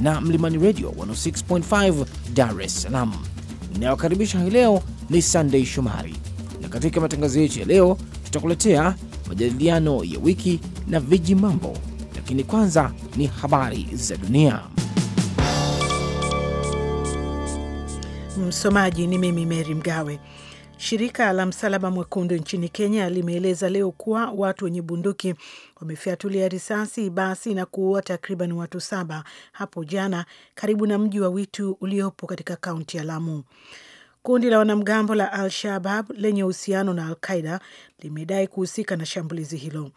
na Mlimani Radio 106.5 Dar es Salaam. Inayokaribisha hii leo ni Sunday Shomari, na katika matangazo yetu ya leo tutakuletea majadiliano ya wiki na viji mambo, lakini kwanza ni habari za dunia. Msomaji ni mimi Mary Mgawe. Shirika la Msalaba Mwekundu nchini Kenya limeeleza leo kuwa watu wenye bunduki wamefyatulia risasi basi na kuua takriban watu saba hapo jana karibu na mji wa Witu uliopo katika kaunti ya Lamu. Kundi la wanamgambo la Al Shabab lenye uhusiano na Al Qaida limedai kuhusika na shambulizi hilo.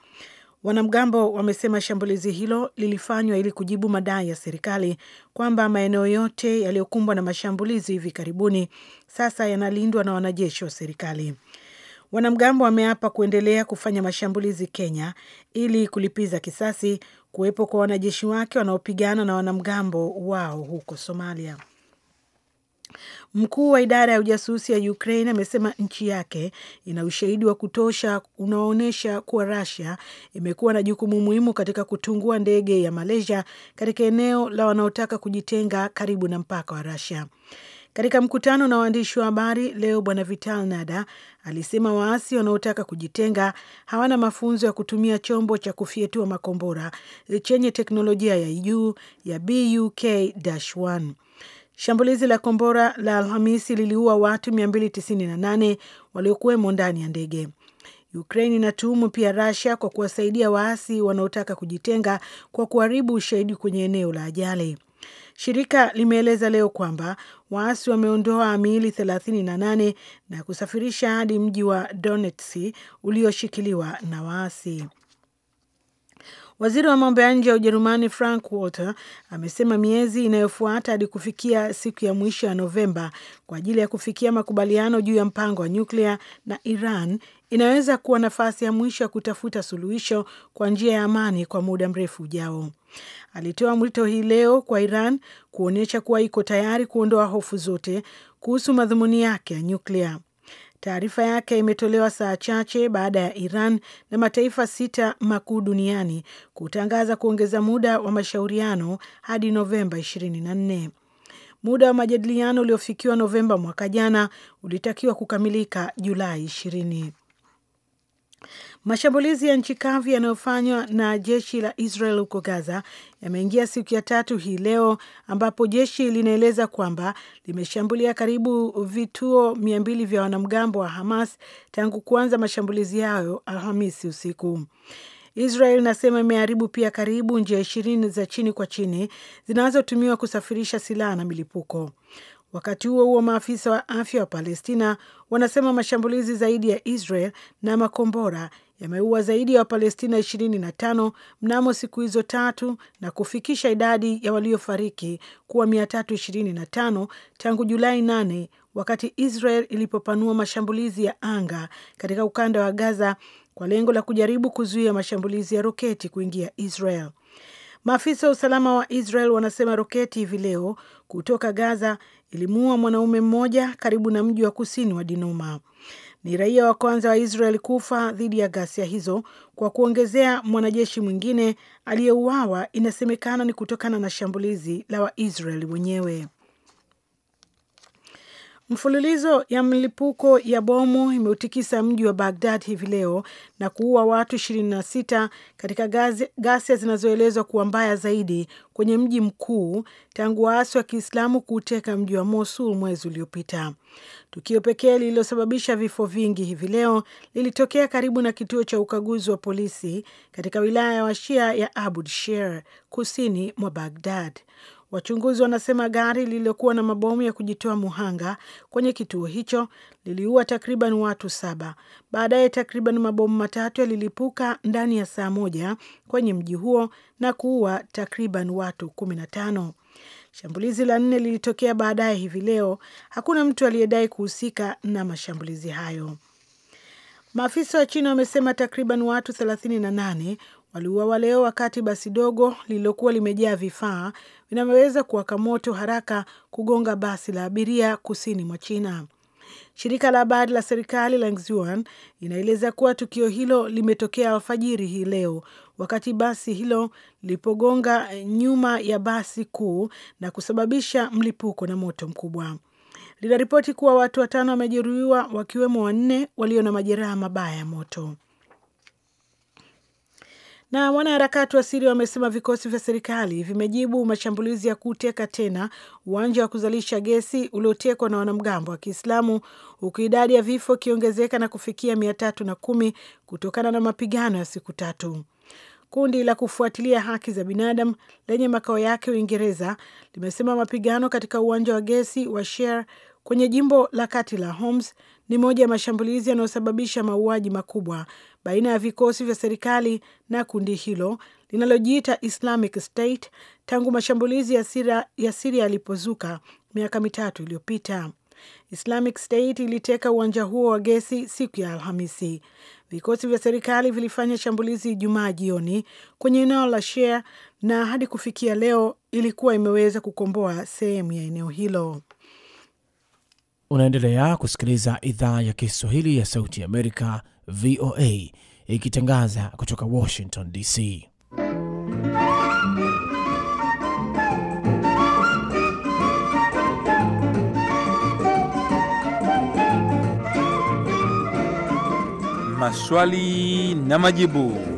Wanamgambo wamesema shambulizi hilo lilifanywa ili kujibu madai ya serikali kwamba maeneo yote yaliyokumbwa na mashambulizi hivi karibuni sasa yanalindwa na wanajeshi wa serikali. Wanamgambo wameapa kuendelea kufanya mashambulizi Kenya ili kulipiza kisasi kuwepo kwa wanajeshi wake wanaopigana na wanamgambo wao huko Somalia. Mkuu wa idara ya ujasusi ya Ukraine amesema nchi yake ina ushahidi wa kutosha unaoonyesha kuwa Russia imekuwa na jukumu muhimu katika kutungua ndege ya Malaysia katika eneo la wanaotaka kujitenga karibu na mpaka wa Russia. Katika mkutano na waandishi wa habari leo, Bwana Vital Nada alisema waasi wanaotaka kujitenga hawana mafunzo ya kutumia chombo cha kufyetua makombora chenye teknolojia ya juu ya BUK-1. Shambulizi la kombora la Alhamisi liliua watu 298 waliokuwemo ndani ya ndege. Ukraine inatuhumu pia Russia kwa kuwasaidia waasi wanaotaka kujitenga kwa kuharibu ushahidi kwenye eneo la ajali. Shirika limeeleza leo kwamba waasi wameondoa miili 38 na kusafirisha hadi mji wa Donetsk ulioshikiliwa na waasi. Waziri wa mambo ya nje ya Ujerumani Frank Walter amesema miezi inayofuata hadi kufikia siku ya mwisho ya Novemba kwa ajili ya kufikia makubaliano juu ya mpango wa nyuklia na Iran inaweza kuwa nafasi ya mwisho ya kutafuta suluhisho kwa njia ya amani kwa muda mrefu ujao. Alitoa mwito hii leo kwa Iran kuonyesha kuwa iko tayari kuondoa hofu zote kuhusu madhumuni yake ya nyuklia. Taarifa yake imetolewa saa chache baada ya Iran na mataifa sita makuu duniani kutangaza kuongeza muda wa mashauriano hadi Novemba 24. Muda wa majadiliano uliofikiwa Novemba mwaka jana ulitakiwa kukamilika Julai ishirini Mashambulizi ya nchi kavu yanayofanywa na jeshi la Israel huko Gaza yameingia siku ya tatu hii leo, ambapo jeshi linaeleza kwamba limeshambulia karibu vituo mia mbili vya wanamgambo wa Hamas tangu kuanza mashambulizi hayo Alhamisi usiku. Israel inasema imeharibu pia karibu njia ishirini za chini kwa chini zinazotumiwa kusafirisha silaha na milipuko. Wakati huo huo, maafisa wa afya wa Palestina wanasema mashambulizi zaidi ya Israel na makombora yameua zaidi ya Wapalestina 25 mnamo siku hizo tatu na kufikisha idadi ya waliofariki kuwa 325 tangu Julai 8 wakati Israel ilipopanua mashambulizi ya anga katika ukanda wa Gaza kwa lengo la kujaribu kuzuia mashambulizi ya roketi kuingia Israel. Maafisa wa usalama wa Israel wanasema roketi hivi leo kutoka Gaza ilimuua mwanaume mmoja karibu na mji wa kusini wa Dinoma. Ni raia wa kwanza wa Israel kufa dhidi ya ghasia hizo, kwa kuongezea mwanajeshi mwingine aliyeuawa, inasemekana ni kutokana na shambulizi la waisrael wenyewe. Mfululizo ya mlipuko ya bomu imeutikisa mji wa bagdad hivi leo na kuua watu 26 katika ghasia zinazoelezwa kuwa mbaya zaidi kwenye mji mkuu tangu waasi wa Kiislamu kuuteka mji wa Mosul mwezi uliopita. Tukio pekee lililosababisha vifo vingi hivi leo lilitokea karibu na kituo cha ukaguzi wa polisi katika wilaya ya Washia ya Abu Sher kusini mwa bagdad Wachunguzi wanasema gari lililokuwa na mabomu ya kujitoa muhanga kwenye kituo hicho liliua takriban watu saba. Baadaye takriban mabomu matatu yalilipuka ndani ya saa moja kwenye mji huo na kuua takriban watu kumi na tano. Shambulizi la nne lilitokea baadaye hivi leo. Hakuna mtu aliyedai kuhusika na mashambulizi hayo. Maafisa wa China wamesema takriban watu na nane Waliuawa leo wakati basi dogo lililokuwa limejaa vifaa vinavyoweza kuwaka moto haraka kugonga basi la abiria kusini mwa China. Shirika la habari la serikali la Xinhua linaeleza kuwa tukio hilo limetokea alfajiri hii leo wakati basi hilo lilipogonga nyuma ya basi kuu na kusababisha mlipuko na moto mkubwa. Linaripoti kuwa watu watano wamejeruhiwa wakiwemo wanne walio na majeraha mabaya ya moto. Na wanaharakati wa Siria wamesema vikosi vya serikali vimejibu mashambulizi ya kuteka tena uwanja wa kuzalisha gesi uliotekwa na wanamgambo wa Kiislamu, huku idadi ya vifo ikiongezeka na kufikia mia tatu na kumi kutokana na mapigano ya siku tatu. Kundi la kufuatilia haki za binadamu lenye makao yake Uingereza limesema mapigano katika uwanja wa gesi wa Sher kwenye jimbo la kati la Homs ni moja ya mashambulizi yanayosababisha mauaji makubwa baina ya vikosi vya serikali na kundi hilo linalojiita Islamic State tangu mashambulizi ya Siria yalipozuka miaka mitatu iliyopita. Islamic State iliteka uwanja huo wa gesi siku ya Alhamisi. Vikosi vya serikali vilifanya shambulizi Ijumaa jioni kwenye eneo la Shea na hadi kufikia leo ilikuwa imeweza kukomboa sehemu ya eneo hilo. Unaendelea kusikiliza idhaa ya Kiswahili ya Sauti ya Amerika VOA ikitangaza kutoka Washington DC. Maswali na majibu.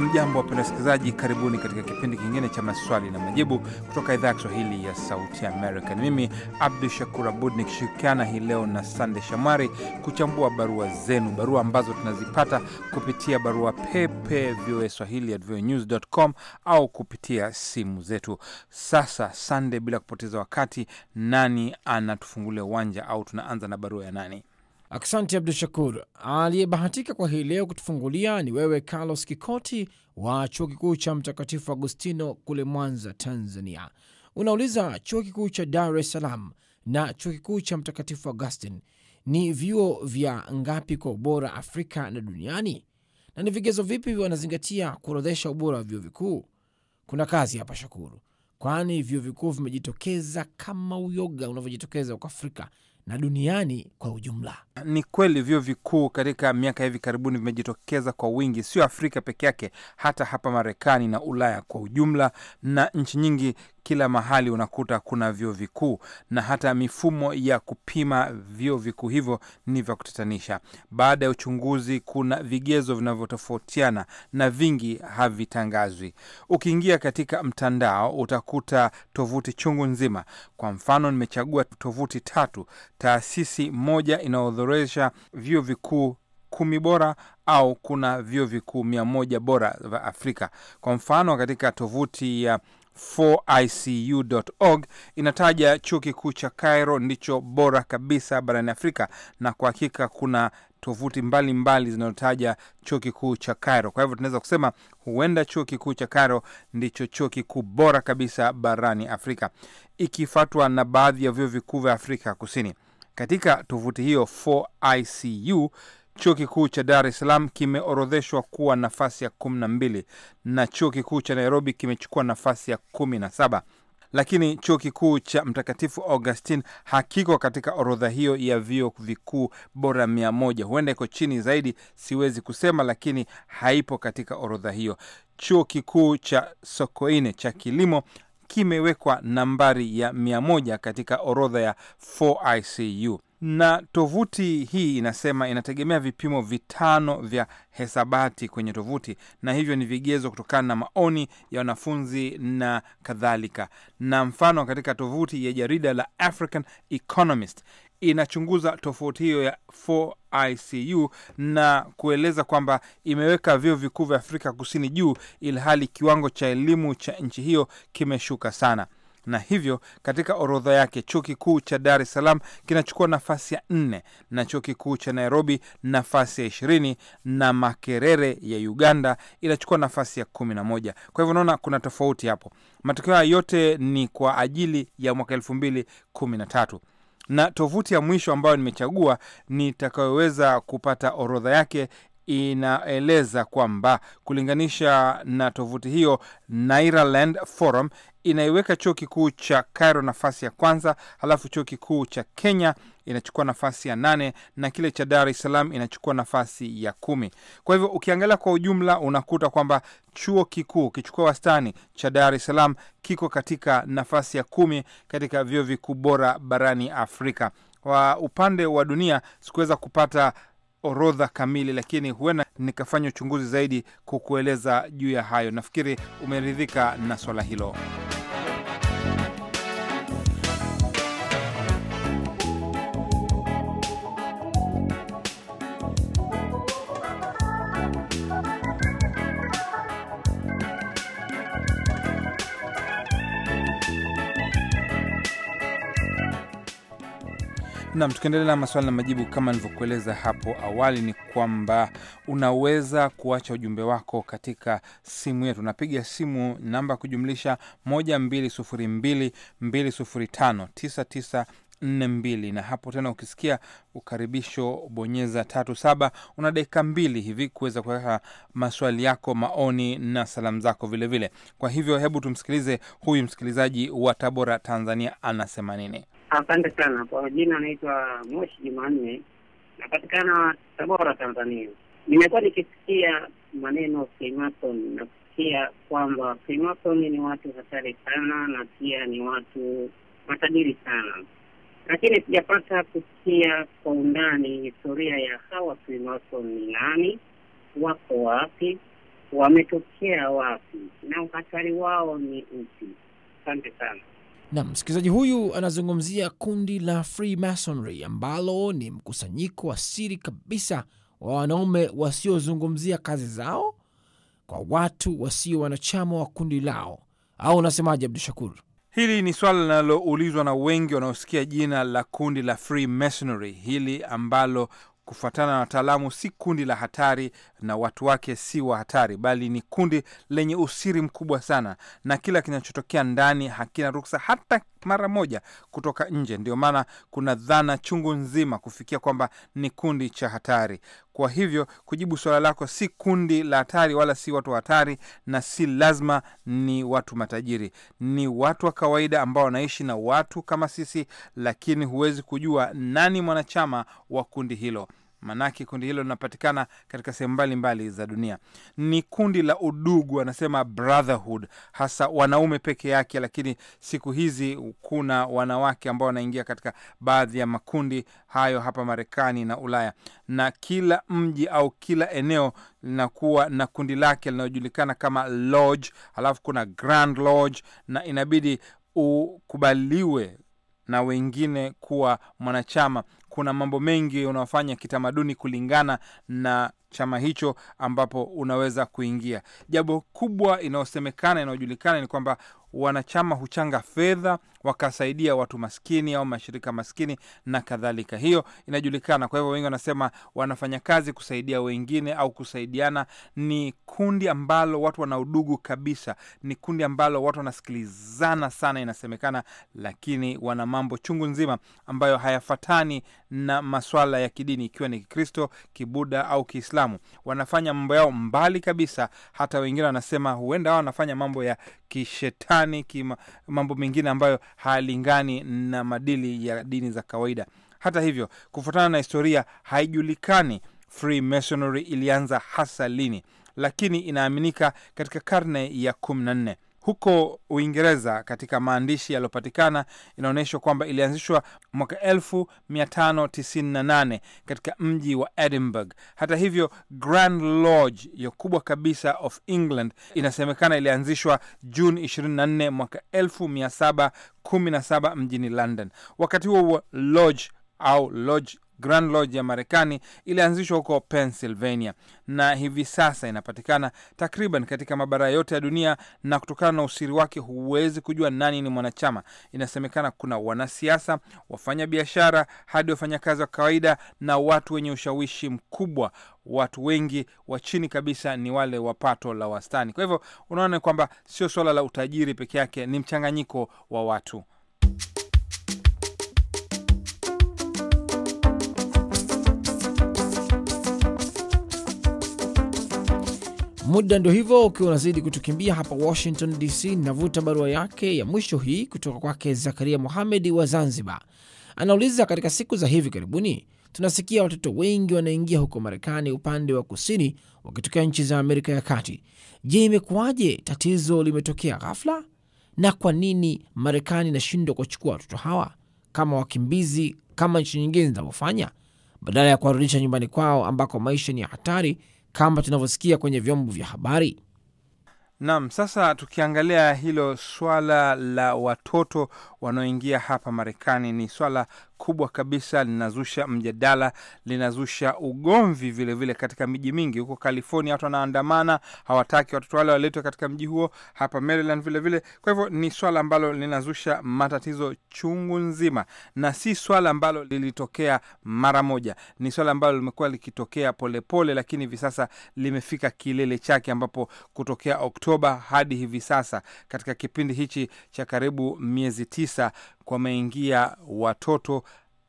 Hamjambo wapenda wasikilizaji, karibuni katika kipindi kingine cha maswali na majibu kutoka idhaa ya Kiswahili ya Sauti Amerika. Ni mimi Abdu Shakur Abud nikishirikiana hii leo na Sande Shamari kuchambua barua zenu, barua ambazo tunazipata kupitia barua pepe voa swahili at voanews.com au kupitia simu zetu. Sasa Sande, bila kupoteza wakati, nani anatufungulia uwanja au tunaanza na barua ya nani? Asante Abdu Shakur. Aliyebahatika kwa hii leo kutufungulia ni wewe Carlos Kikoti wa chuo kikuu cha Mtakatifu Agustino kule Mwanza, Tanzania. Unauliza, chuo kikuu cha Dar es Salaam na chuo kikuu cha Mtakatifu Augustin ni vyuo vya ngapi kwa ubora Afrika na duniani, na ni vigezo vipi wanazingatia kuorodhesha ubora wa vyuo vikuu? Kuna kazi hapa Shakuru, kwani vyuo vikuu vimejitokeza kama uyoga unavyojitokeza kwa Afrika na duniani kwa ujumla. Ni kweli vyuo vikuu katika miaka hivi karibuni vimejitokeza kwa wingi, sio Afrika peke yake, hata hapa Marekani na Ulaya kwa ujumla, na nchi nyingi. Kila mahali unakuta kuna vyuo vikuu, na hata mifumo ya kupima vyuo vikuu hivyo ni vya kutatanisha. Baada ya uchunguzi, kuna vigezo vinavyotofautiana na vingi havitangazwi. Ukiingia katika mtandao, utakuta tovuti chungu nzima. Kwa mfano, nimechagua tovuti tatu: taasisi moja inayo kuorodhesha vyuo vikuu kumi bora au kuna vyuo vikuu mia moja bora vya Afrika. Kwa mfano, katika tovuti ya 4icu.org inataja chuo kikuu cha Cairo ndicho bora kabisa barani Afrika, na kwa hakika kuna tovuti mbalimbali zinazotaja chuo kikuu cha Cairo. Kwa hivyo tunaweza kusema huenda chuo kikuu cha Cairo ndicho chuo kikuu bora kabisa barani Afrika, ikifuatwa na baadhi ya vyuo vikuu vya Afrika Kusini. Katika tovuti hiyo 4ICU, chuo kikuu cha Dar es Salaam kimeorodheshwa kuwa nafasi ya kumi na mbili na chuo kikuu cha Nairobi kimechukua nafasi ya kumi na saba lakini chuo kikuu cha Mtakatifu Augustine hakiko katika orodha hiyo ya vyuo vikuu bora mia moja. Huenda iko chini zaidi, siwezi kusema, lakini haipo katika orodha hiyo. Chuo kikuu cha Sokoine cha kilimo kimewekwa nambari ya moja katika orodha ya 4ICU na tovuti hii inasema inategemea vipimo vitano vya hesabati kwenye tovuti, na hivyo ni vigezo kutokana na maoni ya wanafunzi na kadhalika. Na mfano katika tovuti ya jarida la African Economist inachunguza tofauti hiyo ya 4ICU na kueleza kwamba imeweka vyuo vikuu vya Afrika Kusini juu, ilhali kiwango cha elimu cha nchi hiyo kimeshuka sana na hivyo katika orodha yake chuo kikuu cha Dar es Salaam kinachukua nafasi ya nne na chuo kikuu cha Nairobi nafasi ya ishirini na Makerere ya Uganda inachukua nafasi ya kumi na moja. Kwa hivyo unaona kuna tofauti hapo. Matokeo haya yote ni kwa ajili ya mwaka elfu mbili kumi na tatu na tovuti ya mwisho ambayo nimechagua nitakayoweza kupata orodha yake inaeleza kwamba kulinganisha na tovuti hiyo Nairaland Forum inaiweka chuo kikuu cha Cairo nafasi ya kwanza, halafu chuo kikuu cha Kenya inachukua nafasi ya nane na kile cha Dar es Salaam inachukua nafasi ya kumi. Kwa hivyo ukiangalia kwa ujumla, unakuta kwamba chuo kikuu kichukua wastani cha Dar es Salaam kiko katika nafasi ya kumi katika vyuo vikuu bora barani Afrika. Kwa upande wa dunia sikuweza kupata orodha kamili, lakini huenda nikafanya uchunguzi zaidi kukueleza juu ya hayo. Nafikiri umeridhika na swala hilo. Nam, tukiendelea na maswali na majibu, kama nilivyokueleza hapo awali, ni kwamba unaweza kuacha ujumbe wako katika simu yetu. Napiga simu namba kujumlisha 1202205 9942 na hapo tena, ukisikia ukaribisho bonyeza tatu saba. Una dakika mbili hivi kuweza kuweka maswali yako, maoni na salamu zako vilevile Kwa hivyo hebu tumsikilize huyu msikilizaji wa Tabora, Tanzania, anasema nini? Asante sana kwa jina, naitwa Moshi Jumanne, napatikana Tabora, Tanzania. Nimekuwa nikisikia maneno Freemason na kusikia kwamba Freemason ni watu hatari sana na pia ni watu matajiri sana, lakini sijapata kusikia kwa undani historia ya hawa Freemason ni nani, wako wapi, wametokea wapi na uhatari wao ni upi? Asante sana. Na msikilizaji huyu anazungumzia kundi la Freemasonry ambalo ni mkusanyiko wa siri kabisa wa wanaume wasiozungumzia kazi zao kwa watu wasio wanachama wa kundi lao, au unasemaje, Abdu Shakur? Hili ni swala linaloulizwa na wengi wanaosikia jina la kundi la hili ambalo Kufuatana na wataalamu, si kundi la hatari na watu wake si wa hatari, bali ni kundi lenye usiri mkubwa sana, na kila kinachotokea ndani hakina ruksa hata mara moja kutoka nje. Ndio maana kuna dhana chungu nzima kufikia kwamba ni kundi cha hatari. Kwa hivyo kujibu suala lako, si kundi la hatari wala si watu wa hatari, na si lazima ni watu matajiri. Ni watu wa kawaida ambao wanaishi na watu kama sisi, lakini huwezi kujua nani mwanachama wa kundi hilo. Manake kundi hilo linapatikana katika sehemu mbalimbali za dunia. Ni kundi la udugu, wanasema brotherhood, hasa wanaume peke yake, lakini siku hizi kuna wanawake ambao wanaingia katika baadhi ya makundi hayo hapa Marekani na Ulaya, na kila mji au kila eneo linakuwa na kundi lake linalojulikana kama lodge, alafu kuna grand lodge, na inabidi ukubaliwe na wengine kuwa mwanachama kuna mambo mengi unaofanya kitamaduni kulingana na chama hicho ambapo unaweza kuingia. Jambo kubwa inayosemekana inayojulikana ni kwamba wanachama huchanga fedha wakasaidia watu maskini au mashirika maskini na kadhalika. Hiyo inajulikana. Kwa hivyo wengi wanasema wanafanya kazi kusaidia wengine au kusaidiana. Ni kundi ambalo watu wana udugu kabisa, ni kundi ambalo watu wanasikilizana sana, inasemekana, lakini wana mambo chungu nzima ambayo hayafatani na maswala ya kidini, ikiwa ni Kikristo, Kibuda au Kiislamu. Wanafanya mambo yao mbali kabisa. Hata wengine wanasema huenda wao wanafanya mambo ya kishetani, kima, mambo mengine ambayo hayalingani na madili ya dini za kawaida. Hata hivyo, kufuatana na historia, haijulikani Freemasonry ilianza hasa lini, lakini inaaminika katika karne ya kumi na nne huko Uingereza. Katika maandishi yaliyopatikana inaonyeshwa kwamba ilianzishwa mwaka 1598 katika mji wa Edinburgh. Hata hivyo, Grand Lodge ya kubwa kabisa of England inasemekana ilianzishwa Juni 24 mwaka 1717 mjini London. Wakati huo huo, lodge au lodge Grand Lodge ya Marekani ilianzishwa huko Pennsylvania na hivi sasa inapatikana takriban katika mabara yote ya dunia, na kutokana na usiri wake huwezi kujua nani ni mwanachama. Inasemekana kuna wanasiasa, wafanya biashara, hadi wafanyakazi wa kawaida na watu wenye ushawishi mkubwa. Watu wengi wa chini kabisa ni wale wa pato la wastani. Kwa hivyo unaona kwamba sio swala la utajiri peke yake, ni mchanganyiko wa watu. Muda ndio hivyo ukiwa unazidi kutukimbia hapa Washington DC. Navuta barua yake ya mwisho hii kutoka kwake Zakaria muhamedi wa Zanzibar, anauliza katika siku za hivi karibuni tunasikia watoto wengi wanaingia huko Marekani upande wa kusini wakitokea nchi za Amerika ya Kati. Je, imekuwaje? Tatizo limetokea ghafla, na kwa nini Marekani inashindwa kuwachukua watoto hawa kama wakimbizi kama nchi nyingine zinavyofanya, badala ya kuwarudisha nyumbani kwao ambako maisha ni ya hatari kama tunavyosikia kwenye vyombo vya habari. Naam, sasa tukiangalia hilo swala la watoto wanaoingia hapa Marekani ni swala kubwa kabisa, linazusha mjadala, linazusha ugomvi vilevile vile katika miji mingi. Huko California watu wanaandamana, hawataki watoto wale waletwe katika mji huo, hapa Maryland vilevile. Kwa hivyo ni swala ambalo linazusha matatizo chungu nzima, na si swala ambalo lilitokea mara moja. Ni swala ambalo limekuwa likitokea polepole pole, lakini hivi sasa limefika kilele chake, ambapo kutokea Oktoba hadi hivi sasa katika kipindi hichi cha karibu miezi tisa wameingia watoto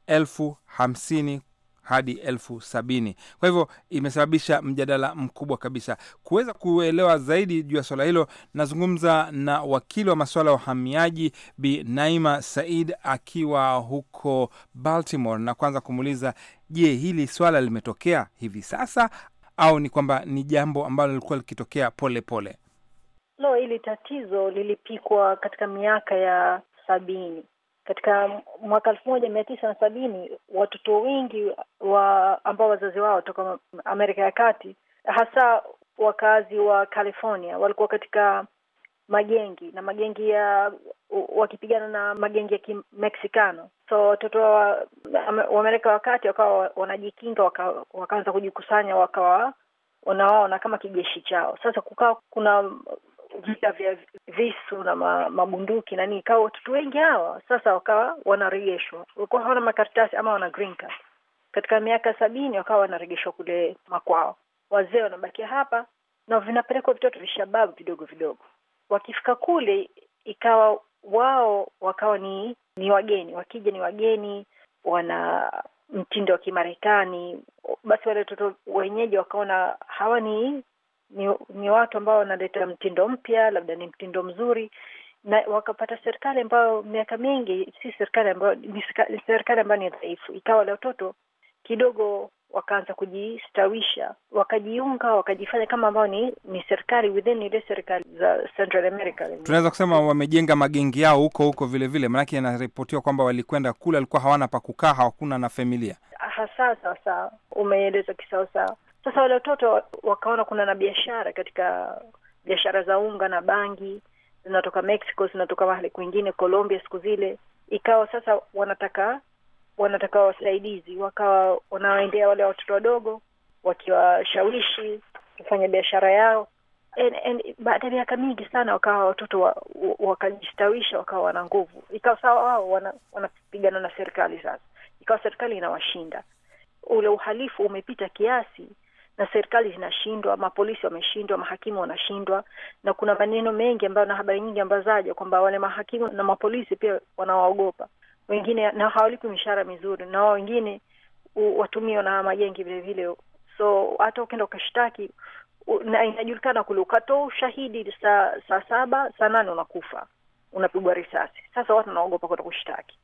elfu hamsini hadi elfu sabini. Kwa hivyo imesababisha mjadala mkubwa kabisa. Kuweza kuelewa zaidi juu ya swala hilo, nazungumza na wakili wa masuala ya uhamiaji Bi Naima Said akiwa huko Baltimore, na kwanza kumuuliza, je, hili swala limetokea hivi sasa au ni kwamba ni jambo ambalo lilikuwa likitokea polepole? Lo, hili tatizo lilipikwa katika miaka ya sabini katika mwaka elfu moja mia tisa na sabini watoto wengi wa ambao wazazi wao toka Amerika ya Kati, hasa wakazi wa California, walikuwa katika magengi na magengi ya wakipigana na magengi ya Kimeksikano. So watoto wa Amerika wa Kati wakawa wanajikinga, wakaanza waka kujikusanya, wakawa wanawaona kama kijeshi chao. Sasa kukawa kuna vita vya visu na ma, mabunduki na nini, ikawa watoto wengi hawa sasa wakawa wanarejeshwa, walikuwa hawana makaratasi ama wana green card. Katika miaka sabini wakawa wanarejeshwa kule makwao, wazee wanabakia hapa na vinapelekwa vitoto vishababu vidogo vidogo. Wakifika kule ikawa wao wakawa ni ni wageni, wakija ni wageni, wana mtindo wa Kimarekani. Basi wale watoto wenyeji wakaona hawa ni ni, ni watu ambao wanaleta mtindo mpya, labda ni mtindo mzuri na wakapata serikali ambayo miaka mingi si serikali ambayo ni serikali ambayo ni dhaifu, ikawa la watoto kidogo wakaanza kujistawisha, wakajiunga, wakajifanya kama ambao ni, ni serikali within ile serikali za Central America. Tunaweza kusema wamejenga magengi yao huko huko vile vile, maanake yanaripotiwa kwamba walikwenda kule, walikuwa hawana pa kukaa, hawakuna na familia. Hasa sawa sawa, umeeleza kisawasawa. Sasa wale watoto wakaona kuna na biashara katika biashara za unga na bangi zinatoka Mexico, zinatoka mahali kwingine, Colombia siku zile. Ikawa sasa wanataka wanataka wasaidizi, wakawa wanawaendea wale watoto wadogo, wakiwashawishi kufanya biashara yao. Baada ya miaka mingi sana, wakawa watoto wa, wakajistawisha, wakawa wana nguvu. Ikawa sawa wao wanapigana wana na serikali sasa, ikawa serikali inawashinda. Ule uhalifu umepita kiasi na serikali zinashindwa, mapolisi wameshindwa, mahakimu wanashindwa, na kuna maneno mengi ambayo na habari nyingi ambazo zaja kwamba wale mahakimu na mapolisi pia wanawaogopa wengine, na hawalipi mishahara mizuri, na wao wengine watumiwa na majengi vile vile, so hata ukienda ukashtaki na inajulikana kule, ukatoa ushahidi saa saa saba saa nane unakufa, unapigwa risasi. Sasa watu wanaogopa kwenda kushtaki.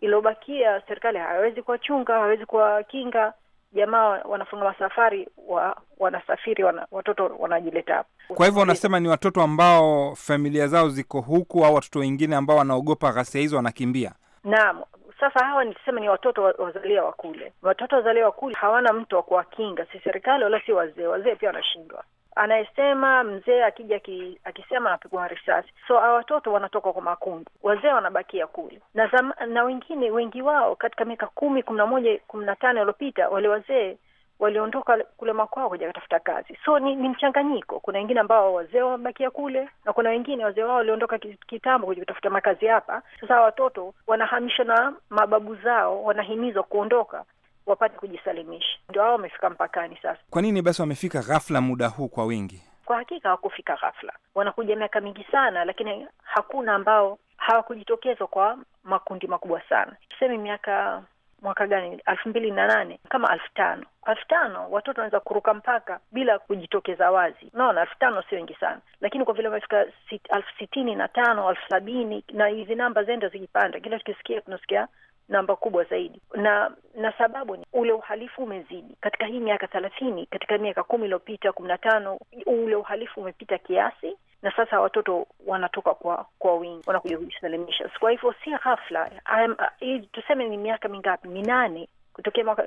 Iliobakia serikali hawezi kuwachunga, hawezi kuwakinga jamaa wanafunga masafari wa, wanasafiri wana, watoto wanajileta hapo. Kwa hivyo wanasema ni watoto ambao familia zao ziko huku au watoto wengine ambao wanaogopa ghasia hizo wanakimbia. Naam. Sasa hawa nisema ni watoto wazalia wa kule, watoto wazalia wa kule hawana mtu wa kuwakinga, si serikali wala si wazee. Wazee pia wanashindwa anayesema mzee akija ki, akisema anapigwa risasi. So a watoto wanatoka kwa makundi, wazee wanabakia kule na zama, na wengine wengi wao katika miaka kumi kumi na moja kumi na tano iliyopita wale wazee waliondoka kule makwao kuja kutafuta kazi. So ni, ni mchanganyiko. Kuna wengine ambao wazee wamebakia kule na kuna wengine wazee wao waliondoka kitambo kuja kutafuta makazi hapa. Sasa watoto wanahamishwa na mababu zao, wanahimizwa kuondoka wapate kujisalimisha. Ndio hao wamefika mpakani sasa. Kwa nini basi wamefika ghafla muda huu kwa wingi? Kwa hakika hawakufika ghafla, wanakuja miaka mingi sana, lakini hakuna ambao hawakujitokeza kwa makundi makubwa sana. Tuseme miaka mwaka gani, elfu mbili na nane kama elfu tano elfu tano watoto wanaweza kuruka mpaka bila kujitokeza wazi. Unaona, elfu tano sio wengi sana, lakini kwa vile wamefika sit, sitini na tano elfu sabini na hizi namba zenda zikipanda, kila tukisikia tunasikia namba kubwa zaidi, na na sababu ni ule uhalifu umezidi katika hii miaka thelathini. Katika miaka kumi iliyopita, kumi na tano, ule uhalifu umepita kiasi, na sasa watoto wanatoka kwa kwa wingi, wanakuja kujisalimisha. Kwa hivyo si ghafla, uh, tuseme ni miaka mingapi? Minane, kutokea mwaka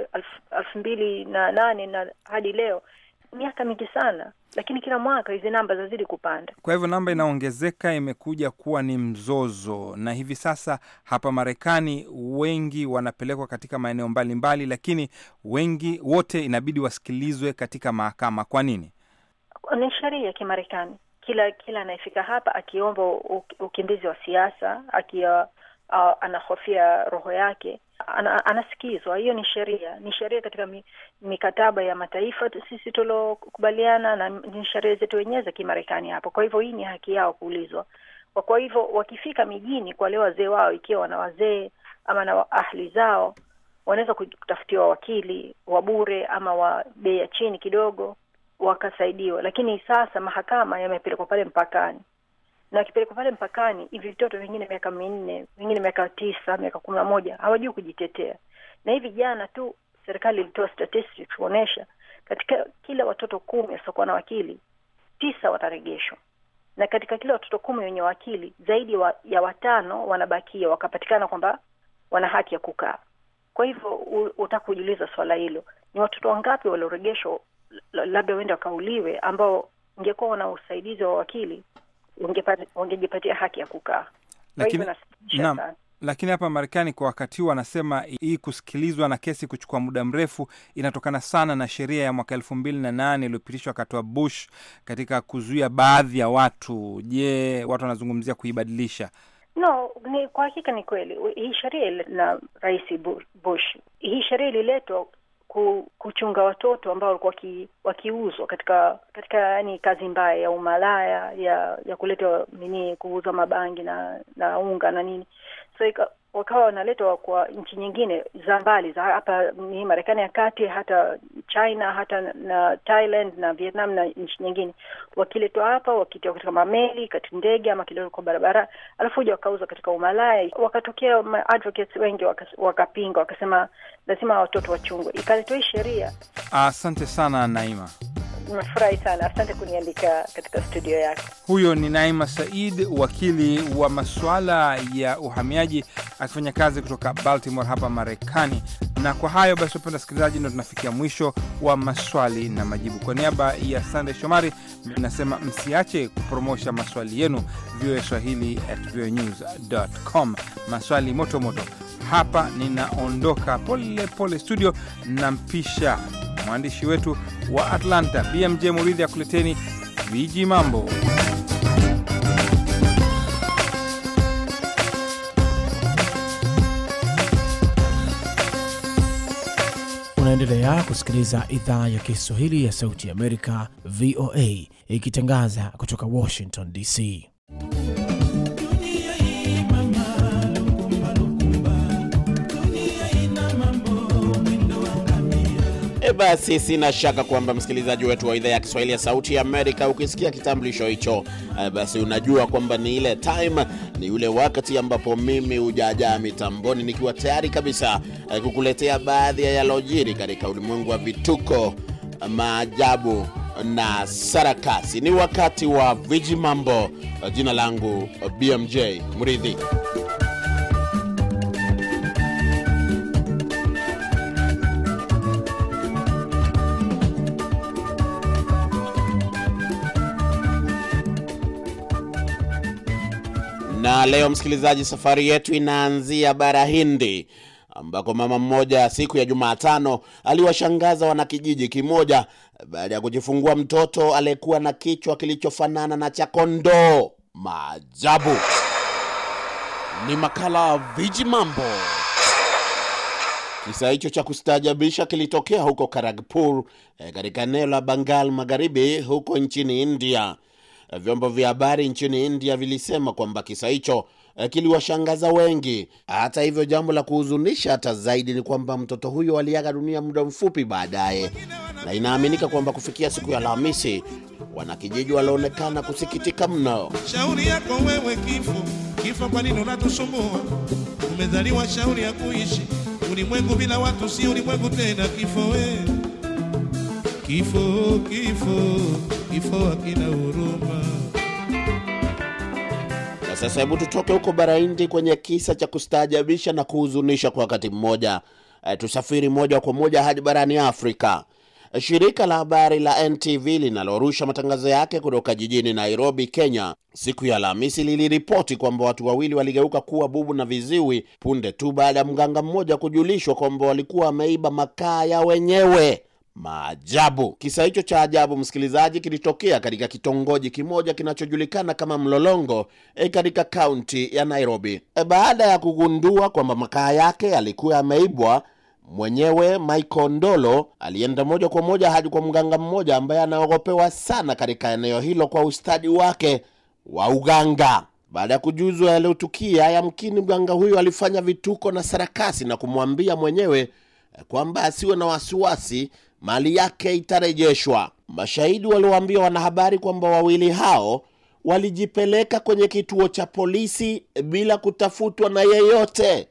elfu mbili na nane na hadi leo miaka mingi sana, lakini kila mwaka hizi namba zinazidi kupanda. Kwa hivyo namba inaongezeka, imekuja kuwa ni mzozo, na hivi sasa hapa Marekani wengi wanapelekwa katika maeneo mbalimbali, lakini wengi wote inabidi wasikilizwe katika mahakama. Kwa nini? Ni sheria ya Kimarekani. Kila kila anayefika hapa akiomba ukimbizi wa siasa, aki uh, anahofia roho yake anasikizwa. Hiyo ni sheria, ni sheria katika mikataba ya mataifa sisi tuliokubaliana, na ni sheria zetu wenyewe za Kimarekani hapo. Kwa hivyo hii ni haki yao kuulizwa. Kwa hivyo wakifika mijini kwa wale wazee wao, ikiwa wana wazee ama na ahli zao, wanaweza kutafutiwa wakili wa bure ama wa bei ya chini kidogo, wakasaidiwa. Lakini sasa mahakama yamepelekwa pale mpakani na akipelekwa pale mpakani, hivi vitoto vingine miaka minne, vingine miaka tisa, miaka kumi na moja, hawajui kujitetea. Na hivi jana tu serikali ilitoa statistics kuonyesha katika kila watoto kumi wasiokuwa na wakili tisa wataregeshwa na katika kila watoto kumi wenye wakili zaidi wa, ya watano wanabakia wakapatikana kwamba wana haki ya kukaa. Kwa hivyo utaka kujiuliza swala hilo, ni watoto wangapi walioregeshwa labda uende wakauliwe, ambao ingekuwa wana usaidizi wa wakili wangejipatia haki ya kukaa. Lakini lakini hapa Marekani kwa wakati huu wanasema hii kusikilizwa na kesi kuchukua muda mrefu inatokana sana na sheria ya mwaka elfu mbili na nane iliyopitishwa wakati wa Bush katika kuzuia baadhi ya watu. Je, watu wanazungumzia kuibadilisha? No, ni kwa hakika ni kweli hii sheria na Rais Bush, hii sheria ililetwa kuchunga watoto ambao walikuwa wakiuzwa katika katika yani kazi mbaya ya umalaya ya ya kuleta nini kuuza mabangi na na unga na nini so wakawa wanaletwa kwa nchi nyingine za mbali za hapa ni Marekani ya kati, hata China, hata na Thailand na Vietnam na nchi nyingine, wakiletwa hapa, wakitiwa katika mameli, katika ndege, ama kiletwa kwa barabara, alafu huja wakauzwa katika umalai Wakatokea advocates wengi wakapinga, waka wakasema lazima watoto wachungwe, ikaletwa hii sheria. Asante sana Naima. Nimefurahi sana, asante kuniandika katika studio yako. Huyo ni Naima Said, wakili wa masuala ya uhamiaji akifanya kazi kutoka Baltimore hapa Marekani. Na kwa hayo basi, wapenda wasikilizaji, ndo tunafikia mwisho wa maswali na majibu. Kwa niaba ya Sandey Shomari nasema msiache kupromosha maswali yenu VOA Swahili at voanews.com. Maswali moto moto hapa. Ninaondoka pole pole studio, nampisha mwandishi wetu wa Atlanta BMJ Muridhi akuleteni viji mambo. Unaendelea kusikiliza idhaa ya Kiswahili ya Sauti ya Amerika, VOA, ikitangaza kutoka Washington DC. basi sina shaka kwamba msikilizaji wetu wa idhaa ya Kiswahili ya Sauti ya Amerika, ukisikia kitambulisho hicho, eh, basi unajua kwamba ni ile time, ni ule wakati ambapo mimi hujajaa mitamboni nikiwa tayari kabisa eh, kukuletea baadhi ya yalojiri katika ulimwengu wa vituko, maajabu na sarakasi. Ni wakati wa viji mambo. Jina langu eh, BMJ Mridhi. leo msikilizaji, safari yetu inaanzia bara Hindi ambako mama mmoja siku ya Jumatano aliwashangaza wanakijiji kimoja baada ya kujifungua mtoto aliyekuwa na kichwa kilichofanana na cha kondoo. Maajabu! Ni makala Viji Mambo. Kisa hicho cha kustaajabisha kilitokea huko Karagpur eh, katika eneo la bangal Magharibi, huko nchini India. Vyombo vya habari nchini India vilisema kwamba kisa hicho eh, kiliwashangaza wengi. Hata hivyo, jambo la kuhuzunisha hata zaidi ni kwamba mtoto huyo aliaga dunia muda mfupi baadaye, na inaaminika kwamba kufikia siku ya Alhamisi wanakijiji walionekana kusikitika mno. Shauri yako wewe kifo, kifo, kwa nini unatusumbua? Umezaliwa shauri ya kuishi ulimwengu bila watu, si ulimwengu tena. Kifo we, eh. kifo, kifo kifo hakina huruma. Na sasa hebu tutoke huko bara Hindi kwenye kisa cha kustaajabisha na kuhuzunisha kwa wakati mmoja. E, tusafiri moja kwa moja hadi barani Afrika. Eh, shirika la habari la NTV linalorusha matangazo yake kutoka jijini Nairobi, Kenya, siku ya Alhamisi liliripoti kwamba watu wawili waligeuka kuwa bubu na viziwi punde tu baada ya mganga mmoja kujulishwa kwamba walikuwa wameiba makaa ya wenyewe maajabu. Kisa hicho cha ajabu, msikilizaji, kilitokea katika kitongoji kimoja kinachojulikana kama Mlolongo e, katika kaunti ya Nairobi. E, baada ya kugundua kwamba makaa yake yalikuwa yameibwa, mwenyewe Michael Ndolo alienda moja kwa moja hadi kwa mganga mmoja ambaye anaogopewa sana katika eneo hilo kwa ustadi wake wa uganga. Baada ya kujuzwa yaliyotukia, yamkini mganga huyo alifanya vituko na sarakasi na kumwambia mwenyewe eh, kwamba asiwe na wasiwasi mali yake itarejeshwa. Mashahidi walioambia wanahabari kwamba wawili hao walijipeleka kwenye kituo cha polisi bila kutafutwa na yeyote,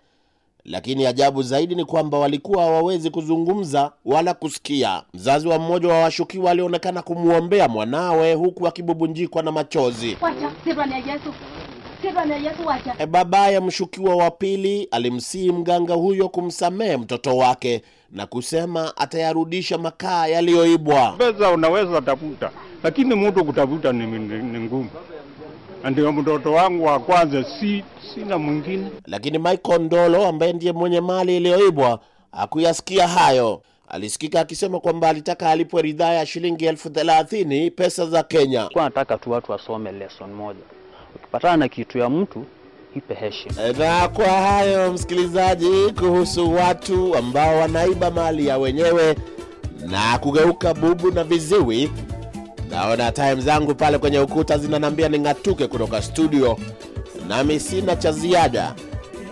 lakini ajabu zaidi ni kwamba walikuwa hawawezi kuzungumza wala kusikia. Mzazi wa mmoja wa washukiwa alionekana kumwombea mwanawe huku akibubunjikwa na machozi. Wacha, E, Baba ya mshukiwa wa pili alimsihi mganga huyo kumsamehe mtoto wake na kusema atayarudisha makaa yaliyoibwa. Pesa unaweza tafuta, lakini mtu kutafuta ni, ni, ni ngumu. Ndio mtoto wangu wa kwanza, si sina mwingine. Lakini Michael Ndolo ambaye ndiye mwenye mali iliyoibwa hakuyasikia hayo. Alisikika akisema kwamba alitaka alipwe ridhaa ya shilingi elfu thelathini pesa za Kenya. Kwa nataka tu watu wasome lesson moja Patana na kitu ya mtu ipe heshima. Na kwa hayo, msikilizaji, kuhusu watu ambao wanaiba mali ya wenyewe na kugeuka bubu na viziwi. Naona time zangu pale kwenye ukuta zinanambia ning'atuke kutoka studio, nami sina cha ziada.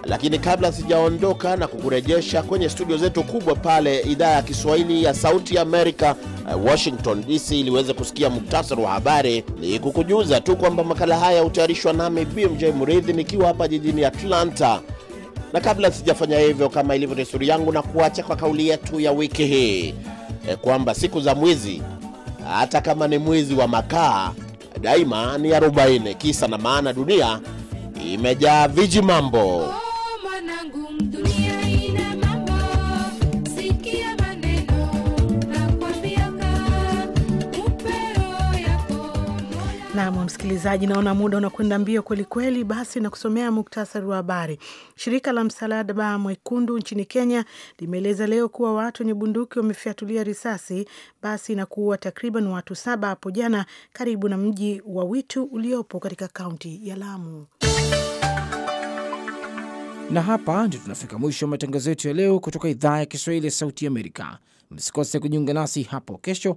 Lakini kabla sijaondoka na kukurejesha kwenye studio zetu kubwa pale idhaa ya Kiswahili ya Sauti ya Amerika, eh, Washington DC, iliweze kusikia muktasari wa habari, ni kukujuza tu kwamba makala haya hutayarishwa nami BMJ mridhi nikiwa hapa jijini Atlanta, na kabla sijafanya hivyo, kama ilivyo desturi yangu, na kuacha kwa kauli yetu ya wiki hii e, kwamba siku za mwizi, hata kama ni mwizi wa makaa, daima ni 40. Kisa na maana, dunia imejaa viji mambo. Nam msikilizaji, naona muda unakwenda mbio kwelikweli. Basi na kusomea muktasari wa habari. Shirika la Msalaba Mwekundu nchini Kenya limeeleza leo kuwa watu wenye bunduki wamefyatulia risasi basi na kuua takriban watu saba hapo jana karibu na mji wa Witu uliopo katika kaunti ya Lamu. Na hapa ndio tunafika mwisho wa matangazo yetu ya leo kutoka idhaa ya Kiswahili ya Sauti Amerika. Msikose kujiunga nasi hapo kesho